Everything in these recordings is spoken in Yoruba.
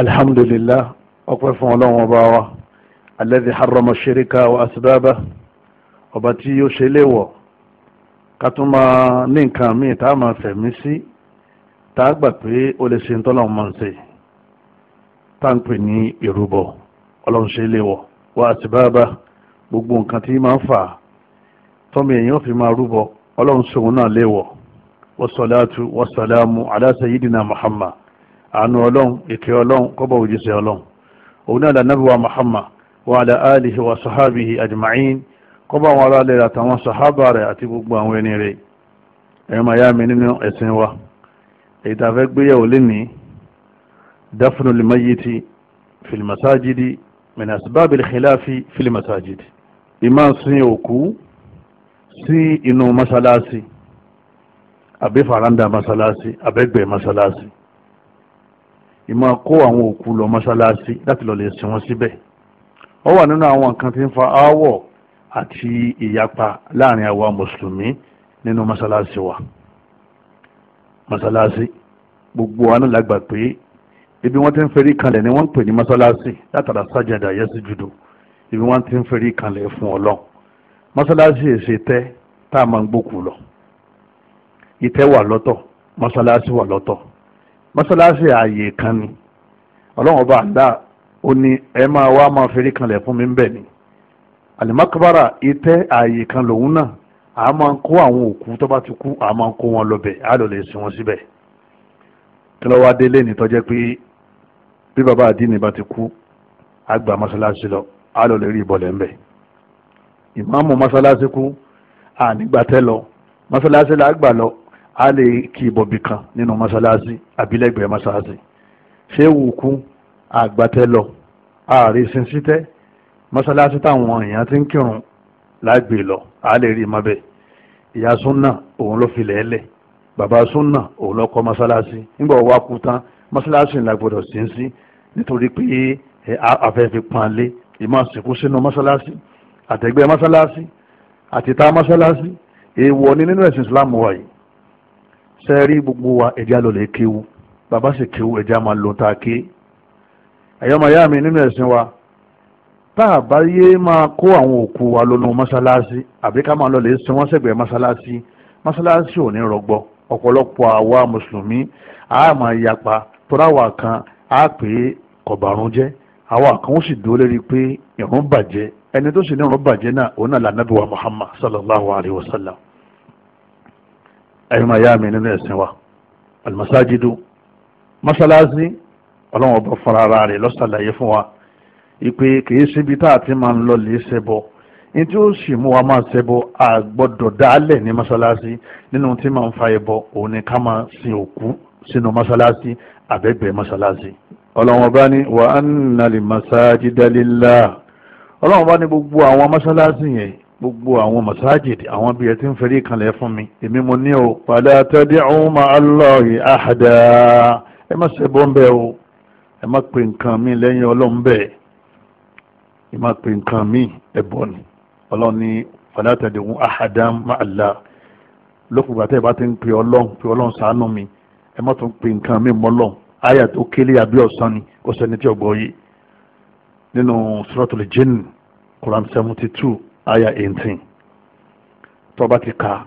alhamdulillah ọpẹ́ fún ọlọ́run ọba wa alladhi harrama shirika wa asbaba ọba tí yóò ṣe léwọ̀ ká tún máa ní nǹkan míì tá a máa fẹ̀mí sí tá a gbà pé ó lè ṣe ń tọ́lọ̀ máa ń ṣe tá à ń pè ní ìrúbọ ọlọ́run ṣe léwọ̀ wa asbaba gbogbo nǹkan tí máa fà tọ́mọ èèyàn fi máa rúbọ ọlọ́run ṣòun náà léwọ̀ wasalaatu wasalaamu ala muhammad àánú ọlọ́run ìkẹ́ ọlọ́run kọ́bọ̀ òjíṣẹ́ ọlọ́run òun náà lànàbí wa muhammad wa ala alihi wa sahabihi ajma'in kọ́bọ̀ àwọn ará lè àtàwọn sahaba rẹ̀ àti gbogbo àwọn ẹni rẹ̀ ẹ̀rọ ya mi nínú ẹ̀sìn wa èyí tàfẹ́ gbéyàwó lẹ́ni dafnu limayiti filimasajidi min asbabil khilafi filimasajidi ìmá sin òkú sí inú masalasi àbí faranda masalasi àbẹ́gbẹ̀ masalasi ìmọ̀ kó àwọn òkú lọ mọ́ṣáláṣí láti lọ lè sin wọn síbẹ̀ ó wà nínú àwọn nǹkan tí ń fa aáwọ̀ àti ìyapa láàrin àwa mùsùlùmí nínú mọ́ṣáláṣí wa mọ́ṣáláṣí gbogbo wa náà pé ibi wọ́n ti ń ferí kanlẹ̀ ni wọ́n ń pè ní mọ́ṣáláṣí látara sájàdà yẹ́sí jùdò ibi wọ́n ti ń ferí kanlẹ̀ fún ọlọ́run mọ́ṣáláṣí èsè tẹ́ tá a máa ń gbókù lọ ìtẹ́ wà lọ́tọ̀ mọ́ṣáláṣí wà lọ́tọ̀ mọ́sálásí ààyè kan ni ọlọ́run ọba àdá ó ní ẹ máa wá máa fẹ́rí kanlẹ̀ fún mi ń bẹ̀ ni alimakabara itẹ́ ààyè kan lòun náà a máa ń kó àwọn òkú tó bá ti kú a máa ń kó wọn lọ́bẹ̀ a lọ lè sin wọn síbẹ̀ kí lọ́wọ́ adélé ni tó pé bí baba àdínì bá ti kú a gba mọ́sálásí lọ a lọ lè rí ìbọ̀lẹ̀ ń bẹ̀ ìmáàmù kú a nígbà tẹ́ lọ mọ́sálásí la gbà lọ a lè kí ibọ̀bì kan nínú mọ́ṣáláṣí àbílẹ̀gbẹ̀ẹ́ mọ́ṣáláṣí ṣé wùkú àgbàtẹ́lọ ààrẹ sínsítẹ́ mọ́ṣáláṣí táwọn èèyàn ti ń kírun lágbè lọ a lè rí ma bẹ́ẹ̀ ìyá súnà òun ló filẹ̀ ẹlẹ̀ bàbá súnà òun ló masalasi, mọ́ṣáláṣí nígbà wàá kú tán mọ́ṣáláṣí ńlá gbọ́dọ̀ sí nítorí pé afẹ́fẹ́ panlé ìmọ̀ sìnkú sínú mọ́ṣáláṣí àtẹ̀gbẹ́ mọ́ṣáláṣí àtìta mọ́ṣáláṣí èèwọ̀ ni nínú ẹ̀sìn Islam wa sẹ́rí gbogbo wa ẹ̀já lọ lè kéwu bàbá sì kéwu ẹ̀já máa lọ tá a ké ẹ̀yọ́ máa yá mi nínú ẹ̀sìn wa tá a bá yé máa kó àwọn òkú wa lọ́nu mọ́ṣáláṣí àbí ká máa lọ lè sin wọ́n sẹ́gbẹ̀ẹ́ mọ́ṣáláṣí mọ́ṣáláṣí ò ní rọgbọ ọ̀pọ̀lọpọ̀ àwa mùsùlùmí a máa yapa tọ́láwà kan a pè é kọ̀bàrún jẹ́ àwa kan ó sì dúró lérí pé ìrún bàjẹ́ ẹni tó sì ní ìrún bàjẹ́ náà òun náà lànàbíwá Muhammad sallallahu alayhi wa sallam ẹ̀yin máa yá mi nínú ẹ̀sìn wa alimasajidu masalasi ọlọ́wọ́n bá fara ara rẹ̀ lọ́sàlàyé fún wa ìpè kìí síbi tá a ti máa ń lọ lè ṣẹbọ ní tí ó sì mú wa máa ṣẹbọ a gbọ́dọ̀ dálẹ̀ ní masalasi nínú tí máa ń fa ẹbọ òun ni ká máa sin òkú sínú masalasi àbẹ̀bẹ̀ masalasi. ọlọ́wọ́n bá ní wa anna limasajida lillah ọlọ́wọ́n bá ní gbogbo àwọn masalasi yẹn gbogbo àwọn masajid àwọn bíi ẹ ti ń fẹ́rí kanlẹ̀ fún mi èmi mo ní o. fala tad'u ma'a Allahi ahada ẹ má ṣe bọ́ ń bẹ́ẹ̀ o ẹ má pe nǹkan mi lẹ́yìn ọlọ́run bẹ́ẹ̀ ẹ má pe nǹkan mi ẹ bọ́ ni ọlọ́run ní fala tad'u ahada ma'a Allah lókùnrin àti ẹ bá ti ń pe ọlọ́run pe ọlọ́run ṣàánú mi ẹ má tún pe nǹkan mi mọ́ ọlọ́run àyà tó kélé àbí ọ̀sán ni kò aya eighteen tọ́ba ti ka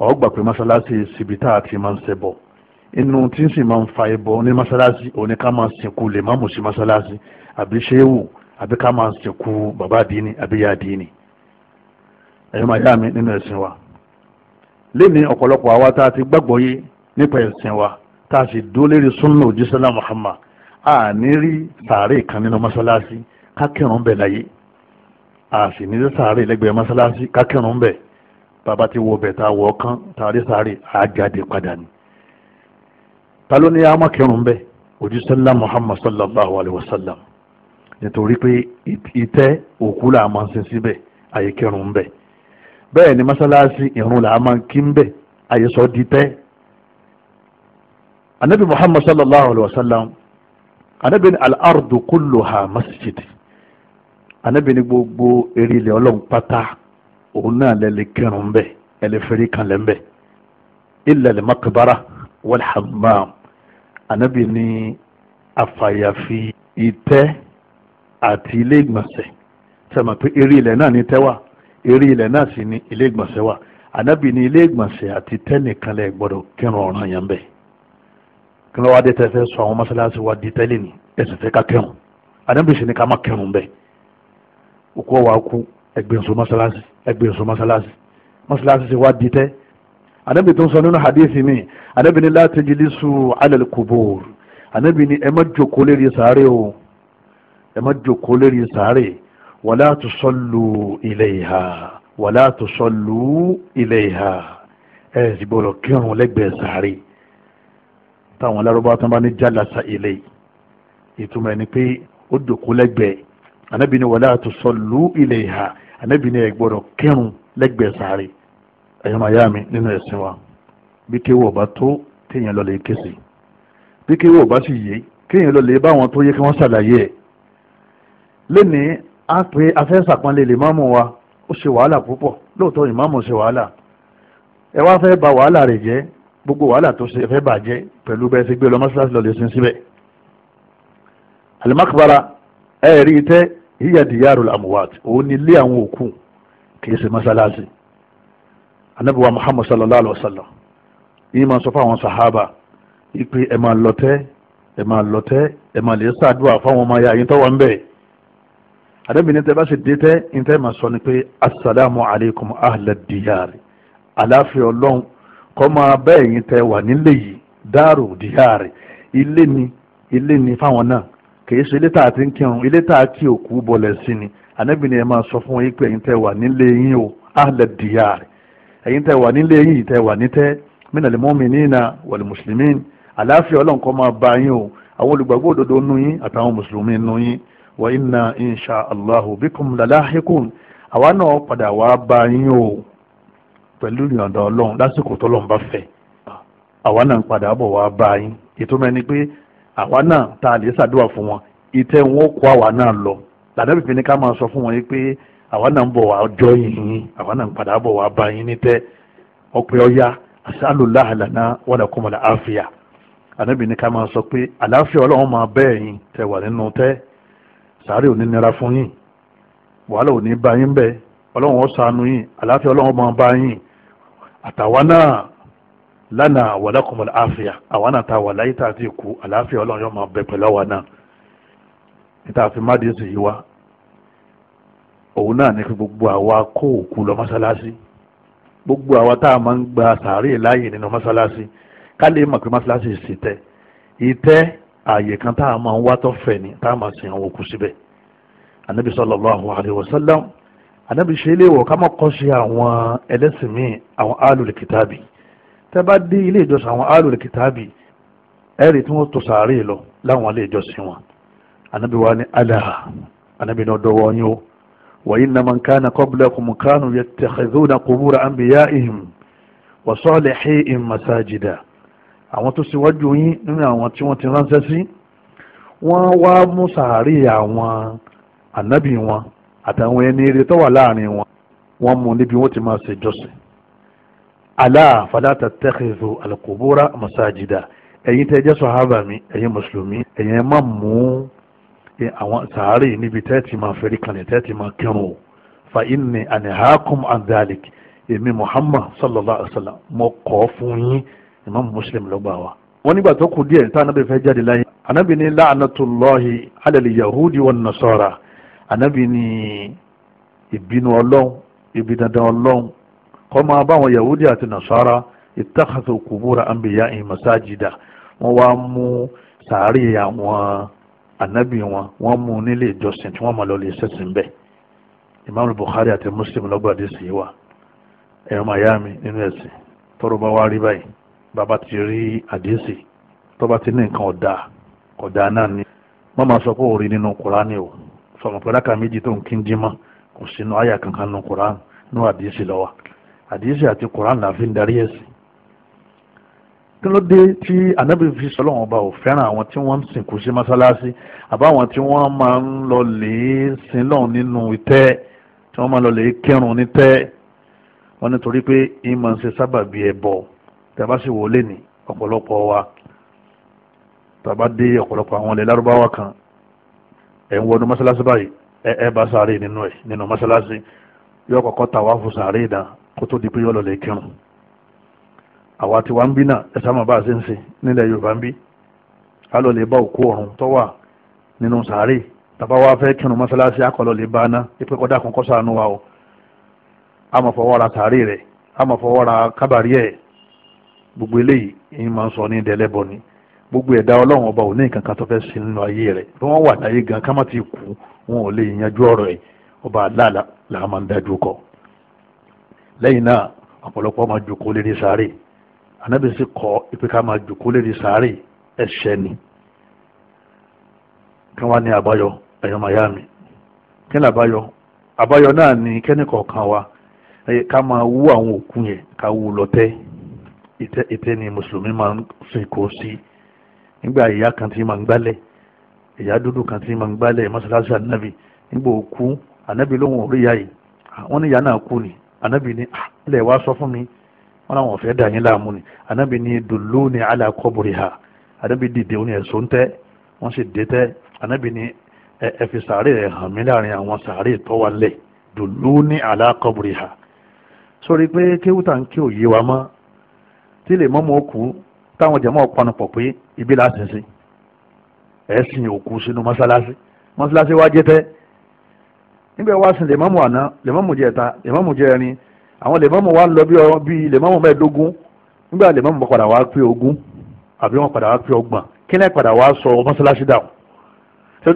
ọ̀ gbà pé masalasi sibita àti máa ń ṣẹbọ inú tí ń sì máa ń fa ẹbọ ní masalasi òní ká máa sìnkú lè má mú sí masalasi àbí ṣéwù àbí ká máa sìnkú bàbá àdínì àbí ya àdínì ẹ̀yin máa yá mi nínú ẹ̀sìn wa lẹ́ni ọ̀pọ̀lọpọ̀ àwa tá a ti gbàgbọ́ yé nípa ẹ̀sìn wa tá a sì dúró lérí súnmọ́ òjísọ́lá Muhammad a ní rí sàárè kan nínú masalasi ká kírun bẹ̀ láyé a sì ní sàárè lẹ́gbẹ̀ẹ́ mọ́sálásí kákìrún bẹ̀ bàbá ti wo bẹ̀ tá a wọ̀ kán tá a rí sàárè a jáde padà ni. ta ló ní amákìrún bẹ̀ ojúṣẹ́lá muhammad sallallahu alayhi wa sallam nítorí pé ìtẹ́ òkú là máa ń sin síbẹ̀ àyè kírun bẹ̀ bẹ́ẹ̀ ni mọ́sálásí ìrun là máa ń kí bẹ̀ àyè sọ di tẹ́. anabi muhammad sallallahu alayhi wa sallam anabi ni al kulluha masjidi anabi ni gbogbo eré ilẹ̀ ọlọ́run pátá òun náà lẹ́lẹ̀ kírun bẹ́ẹ̀ ẹlẹ́ fẹ́rí kan lẹ́ bẹ́ẹ̀ ilẹ̀ makabara wal hammam anabi ni àfàyàfi ìtẹ́ àti ilé ìgbọ̀nsẹ̀ sẹ́mi pé eré ilẹ̀ náà ní tẹ́wà eré ilẹ̀ náà sì ní ilé ìgbọ̀nsẹ̀ wà anabi ni ilé ìgbọ̀nsẹ̀ àti tẹ́nìkan lẹ́ gbọ́dọ̀ kírun ọ̀ràn yẹn bẹ́ẹ̀ kí ló wá dé tẹ́ fẹ́ sọ àwọn mọ́sálásí wa di tẹ́lẹ̀ ní ẹ̀sìn fẹ́ ká kírun anabi sì ní ká má kírun bẹ́ẹ̀ òkú ọwà kú ẹgbẹ̀nsọ mọ́sálásí ẹgbẹ̀nsọ mọ́sálásí mọ́sálásí ti wá dìtẹ́ anabi tó ń sọ nínú hadithi mi anabi ní la tajlisu ala al-qubur anabi ní ẹ má jókòó lérí sàárè o ẹ má jókòó lérí sàárè wala tusallu ilayha wala tusallu ilayha ẹ sì gbọ́dọ̀ kírun lẹ́gbẹ̀ẹ́ sàárè táwọn alárúbá tó ń bá ní jálasa ilé ìtumọ̀ ẹni pé ó jókòó lẹ́gbẹ̀ẹ́ anabi ni wala tusallu ilayha anabi ni ẹ gbọ́dọ̀ kírun lẹ́gbẹ̀ẹ́ sáré ẹ̀yọ́mọ̀ ayá mi nínú ẹ̀sìn wa bí kéwọ́ ọba tó kéèyàn lọ lè ké sí bí kéwọ́ ọba sì yé kéèyàn lọ lè bá wọn tó yẹ kí wọ́n ṣàlàyé ẹ̀ lẹ́ni a pe afẹ́sàpọ́nlé lè máàmù wa ó ṣe wàhálà púpọ̀ lóòótọ́ ìmáàmù ṣe wàhálà ẹ wá fẹ́ ba wàhálà rẹ̀ jẹ́ gbogbo wàhálà tó ṣe fẹ́ bàjẹ́ pẹ̀lú bẹ́ẹ̀ ṣe gbé lọ mọ́ṣáláṣí lọ lè síbẹ̀ alimakubara ẹ̀ẹ́rì tẹ́ hiya diyarul amuwaat òun ni ilé àwọn òkú kì í ṣe mọ́sálásí anabi wa muhammad sallallahu alaihi wa sallam yìí máa sọ fáwọn sahaba ipe ẹ máa lọtẹ ẹ máa lọtẹ ẹ máa lè ṣàdúrà fáwọn ọmọ ya yín tó wà ń bẹ adébìnrin tẹ bá sì dé tẹ ní tẹ máa sọ ni pé asalaamu alaykum ahlad diyari aláfíà ọlọ́run kọ́ máa bẹ́ẹ̀ yín tẹ wà nílé yìí dáàrò diyari ilé ni ilé ni fáwọn náà kìí ṣe ilé tá a ti ń kírun ilé tá a kí òkú bọ̀lẹ̀ sí ni ànábì ni ẹ máa sọ fún yín pé ẹ̀yin tẹ́ wà nílé yín o ahlẹ̀ dìyà rẹ̀ ẹ̀yin tẹ́ wà nílé yín tẹ́ wà nítẹ́ mínàlè mọ́mí nínà wàlẹ̀ mùsùlùmí àlàáfíà ọlọ́nkọ́ máa bá yín o àwọn olùgbàgbọ́ òdodo nú yín àtàwọn mùsùlùmí nú yín wà inna insha allahu bikum lalahikun àwa náà padà wá bá yín o pẹ̀lú ìyọ̀ǹda ọlọ́run lásìkò tọ́lọ́run bá àwa náà tá a lè ṣàdúrà fún wọn ìtẹ́ wọn kó àwa náà lọ lànàbí fi ni ká máa sọ fún wọn yìí pé àwa náà ń bọ̀ wá jọ yìnyín àwa náà ń padà bọ̀ wá bá yín ní tẹ́ ọpẹ́ ọ̀yá asálùláhà lànà wàlẹ̀ kọ́mọ̀lá àfíà ànábì ní ká máa sọ pé àlàáfíà ọlọ́run máa bẹ́ẹ̀ yín tẹ́ wà nínú tẹ́ sàárè ò nira fún yín wàhálà ò bá yín bẹ́ẹ̀ ọlọ́run ó yín àlàáfíà ọlọ́run máa bá yín àtàwa náà lánàá wàlákùnmọ̀ àfíà àwọn náà ta wà láyé tá a ti kú àlàáfíà ọlọ́run yóò máa bẹ pẹ̀lú àwa náà níta fi má dín sí yìí wá òun náà ní kí gbogbo àwa kó òkú lọ mọ́sálásí gbogbo àwa tá a máa ń gba sàárè láàyè nínú mọ́sálásí ká lè mọ̀ pé mọ́sálásí sì tẹ́ ìtẹ́ ààyè kan tá a máa ń wá tó fẹ̀ ni tá a máa sin àwọn òkú síbẹ̀ anabi sallallahu alayhi wa sallam anabi ṣe é léwọ̀ ká má kọ́ sí àwọn ẹlẹ́sìn míì àwọn alùlù kìtàbí tẹ́ bá dé ilé ìjọsìn àwọn alul kitabi ẹ̀rì tí wọ́n tó sàárè lọ láwọn ilé ìjọsìn wọn anabi wa ni alaha anabi náà dọwọ́ yín o wa inna man kana qablakum kanu yattakhidhuna qubura anbiya'ihim wa salihihim masajida àwọn tó ṣíwájú yín nínú àwọn tí wọ́n ti ránṣẹ́ sí wọ́n wá mú sàárè àwọn anabi wọn àtàwọn ẹni eré wà láàrin wọn wọ́n mú níbi wọ́n ti máa ṣèjọsìn alá fala tattakhidhu alqubura masajida ẹ̀yin tẹ́ jẹ́ sọ̀hábà mi ẹ̀yin mùsùlùmí ẹ̀yin ẹ̀ má mú àwọn sàárè níbi tẹ́ẹ̀tì máa fẹ́rí kanlẹ̀ tẹ́ẹ̀tì máa kírun o fa inni anihakum an dhalik èmi muhammad sallallahu alaihi wa sallam mo kọ́ fún yín imam muslim ló gbà wá. wọ́n nígbà tó kù díẹ̀ tá anábì fẹ́ jáde láyé anábì ní la'natullahi ala yahudi wan nasara anábì ní ìbínú ọlọ́run ibi ọlọ́run kọ́ máa bá àwọn yahudi àti nasara ittakhadhu qubura anbiya'ihim masajida wọ́n wá mú sàárè àwọn ànábì wọn wọ́n mú nílé ìjọsìn tí wọ́n máa lọ lè ṣẹ̀sìn bẹ́ẹ̀ imaamu àti muslim lọ́gbàdì sí wa ẹ̀rọ miami nínú ẹ̀sìn tọ́rọ bá wá rí báyìí bàbá ti rí àdéhìsì tó bá ti ní nǹkan ọ̀dà ọ̀dà náà ni wọ́n máa sọ pé òòrì nínú kùránì o sọ̀rọ̀ pẹ̀lú àkà méjì tó ń kí ń dín mọ́ kò sínú àyà kankan nínú kùránì nínú àdéhìsì lọ́wọ́ àdìsí àti koran la fi ń darí ẹ̀sìn kí ló dé tí anabi fi sọlọ wọn bá ò fẹ́ràn àwọn tí wọ́n ń sìnkú sí mọ́sálásí àbáwọn tí wọ́n máa ń lọ lè sin lọ́hùn nínú ìtẹ́ tí wọ́n máa lọ lè kírun nítẹ́ wọ́n nítorí pé ìmọ̀ ń ṣe sábàbí ẹbọ tàbá sì wò ní ọ̀pọ̀lọpọ̀ wa tàbá dé ọ̀pọ̀lọpọ̀ àwọn ilẹ̀ lárúbáwá kan ẹ̀ ń wọnú mọ́sálásí báyìí ẹ bá sáré nínú ẹ̀ nínú mọ́sálásí yóò kọ́kọ́ tàwa fún sáré ìdán kó tó di pé yọ lọlẹ kírun àwa tí wàá ń bí náà ẹ sábà bá a ṣe ń ṣe nílẹ̀ Yorùbá ń bí a lọ lè bá òkú ọ̀run tó wà nínú sàárè tàbá wa fẹ́ kírun mọ́sálásí akọlọ lè bá a ná ipe kọ́dà kan kọ́ sànú wa o a máa fọwọ́ ra sàárè rẹ̀ a máa fọwọ́ ra kábàárì ẹ̀ gbogbo eléyìí ìyẹn máa ń sọ ní ìdẹ́lẹ́bọ ni gbogbo ẹ̀dá ọlọ́run ọba ò ní nǹkan kan tó fẹ́ sí nínú ayé rẹ̀ bí wọ́n wà láyé gan ká má ti kú wọn ò lè yanjú ọ̀rọ̀ ẹ̀ ọba aláàlá làá máa ń dájú kọ́ lẹ́yìn náà ọ̀pọ̀lọpọ̀ máa jòkó lérí sáré anábì sì kọ́ ipe ká máa jòkó lérí sáré ẹ̀ṣẹ̀ ni kí wọ́n ní àbáyọ ẹ̀yọ́ miami kí ni àbáyọ àbáyọ náà ni kẹ́nìkọ̀ọ̀kan wa ká máa wú àwọn òkú yẹn ká wú lọ́tẹ́ ìtẹ́ ni mùsùlùmí máa ń sìnkó sí nígbà ìyá kan tí máa ń gbálẹ̀ ìyá dúdú kan tí máa ń gbálẹ̀ mọ́sálásí ànábì nígbà òkú ànábì lóhùn orí yìí wọ́n ní ìyá náà kú ni anabi ni ah, ilẹ̀ wa sọ fún mi wọn làwọn fẹ́ dà yín láàmú ni anabi ni dùlú ni àlà kọ́bùrì ha anabi dìde òun ẹ̀sọ́ ń tẹ́ wọ́n sì dé tẹ́ anabi ni ẹ fi sàárè rẹ̀ hàn mí láàrin àwọn sàárè tó wà lẹ̀ dùlú ni àlà kọ́bùrì ha sórí pé kéwútà ń kí òye wa mọ́ tí lè mọ́mọ́ òkú táwọn jẹ̀mọ́ panupọ̀ pé ibi láti sìn ẹ̀sìn òkú sínú mọ́sálásí mọ́sálásí wa jẹ́ tẹ́ nígbà wá sin lèmọ́mù àná lèmọ́mù jẹta lèmọ́mù jẹrin àwọn lèmọ́mù wa ń lọ bí ọ bí lèmọ́mù mẹ́ẹ̀ẹ́dógún nígbà lèmọ́mù padà wá pé ogún àbí wọn padà wá pé ọgbọ̀n kí náà padà wá sọ mọ́sálásí dà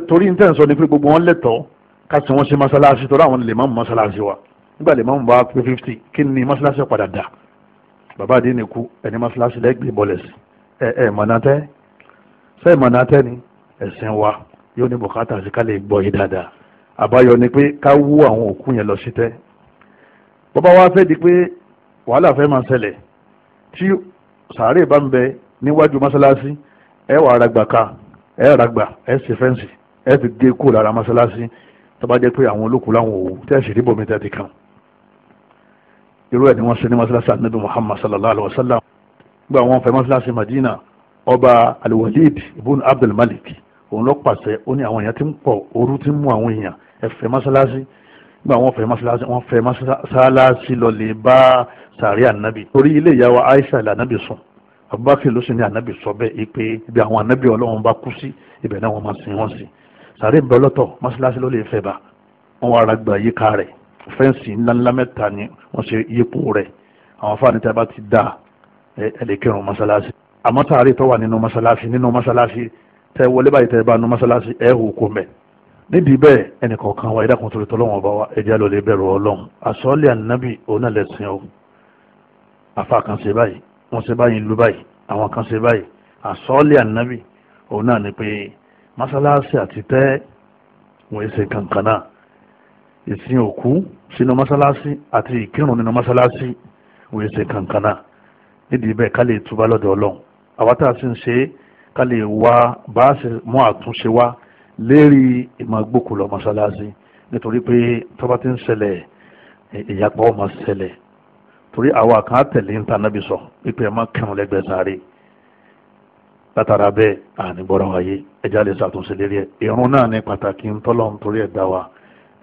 torí ní tẹ̀sán ni pé gbogbo wọn lẹ́tọ̀ọ́ ká sì wọ́n ṣe mọ́sálásí torí àwọn lèmọ́mù mọ́sálásí wa nígbà lèmọ́mù bá pé fifty kí ni mọ́sálásí padà dà bàbá àdé ni ku ẹni mọ́sálásí lẹ́gbẹ̀ẹ́ bọ́lẹ̀ sí ẹ ẹ mọ̀nàtẹ́ ni ẹ̀sìn wa yóò ní bùkátà àbáyọ ni pé ká wú àwọn òkú yẹn lọ sí tẹ́ bọ́bá wa fẹ́ di pé wàhálà fẹ́ máa ṣẹlẹ̀ tí sàárè bá ń bẹ níwájú mọ́sálásí ẹ wà ara gbà ká ẹ ra gbà ẹ sì fẹ́ǹsì ẹ ti gé kó lára mọ́sálásí tó bá pé àwọn olókùú láwọn òwú tẹ́ sì rí bòmí tẹ́ ti kàn irú ẹ̀ ni wọ́n ṣe ní mọ́sálásí ànábì Muhammad sallallahu alayhi wa sallam gbọ́ àwọn fẹ́ mọ́sálásí Madina ọba Al-Walid ibn Abdul Malik òun ló pàṣẹ ó ní àwọn èèyàn ti ń pọ̀ ooru ti ń mú àwọn èèyàn ẹ fẹ́ mọ́ṣáláṣí nígbà wọ́n fẹ́ mọ́ṣáláṣí wọ́n fẹ́ lọ lè bá sàárẹ̀ ànábì torí ilé ìyàwó Aisha ilẹ̀ ànábì sùn Abubakar ló sì ní ànábì sọ bẹ́ẹ̀ ipe ibi àwọn ànábì Ọlọ́run bá kú sí ibẹ̀ náà wọ́n máa sin wọ́n sí sàárẹ̀ ń bẹ lọ́tọ̀ mọ́ṣáláṣí ló lè fẹ́ bá wọ́n wá ara gbà yíká rẹ̀ fẹ́ǹsì ńláńlá mẹ́ta ni wọ́n ṣe yípo rẹ̀ àwọn fáwọn níta bá ti dá ẹ̀ ẹ̀ lè kírun mọ́ṣáláṣí àmọ́ sàárẹ̀ tó wà nínú mọ́ṣáláṣí nínú mọ́ṣáláṣí tẹ wọlé báyìí tẹ bá nu mọ́sálásí ẹ hù kó mẹ́ nídìí bẹ́ẹ̀ ẹnìkọ̀ọ̀kan wa ẹ̀dá kan tó lè tọ́ lọ́wọ́n ọba wa ẹ̀jẹ̀ ló lè bẹ̀rù ọlọ́run àsọ́ọ́lẹ̀ ànábì òun náà lẹ́sìn o afa kan ṣe báyìí wọ́n ṣe báyìí lu báyìí àwọn kan ṣe báyìí àsọ́ọ́lẹ̀ ànábì òun ni pé mọ́sálásí àti tẹ́ wọ́n ṣe kankan náà ìsìn òkú sínú mọ́sálásí àti ìkírun nínú mọ́sálásí wọ́n ṣe kankan náà nídìí bẹ́ẹ̀ ká lè túbá lọ́dọ̀ ọlọ́run àwa tá sì ń ṣe é ká lè wá bá a ṣe mú àtúnṣe wá lérí ìmọ̀gbókù lọ mọ́ṣáláṣí nítorí pé tọ́ba ti ń ṣẹlẹ̀ ìyàpọ̀ ọmọ ṣẹlẹ̀ torí àwa kan tẹ̀lé ń ta nábì sọ pípé ẹ má kẹrùn lẹ́gbẹ̀ẹ́ sáré látara bẹ́ẹ̀ àníbọ̀rọ̀ wáyé ẹja lè ṣàtúnṣe lérí ẹ̀ ìrun náà ní pàtàkì ń tọ́lọ̀ ń torí ẹ̀dá wa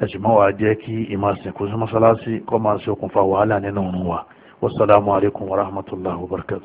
ẹ̀sùn mọ́ wa jẹ́ kí ìmọ̀sìnkú sí mọ́ṣáláṣí kọ́ máa ṣe okùnfà wàhálà nínú òun wa wasalaamualeykum wa rahmatulahi wa barakatu.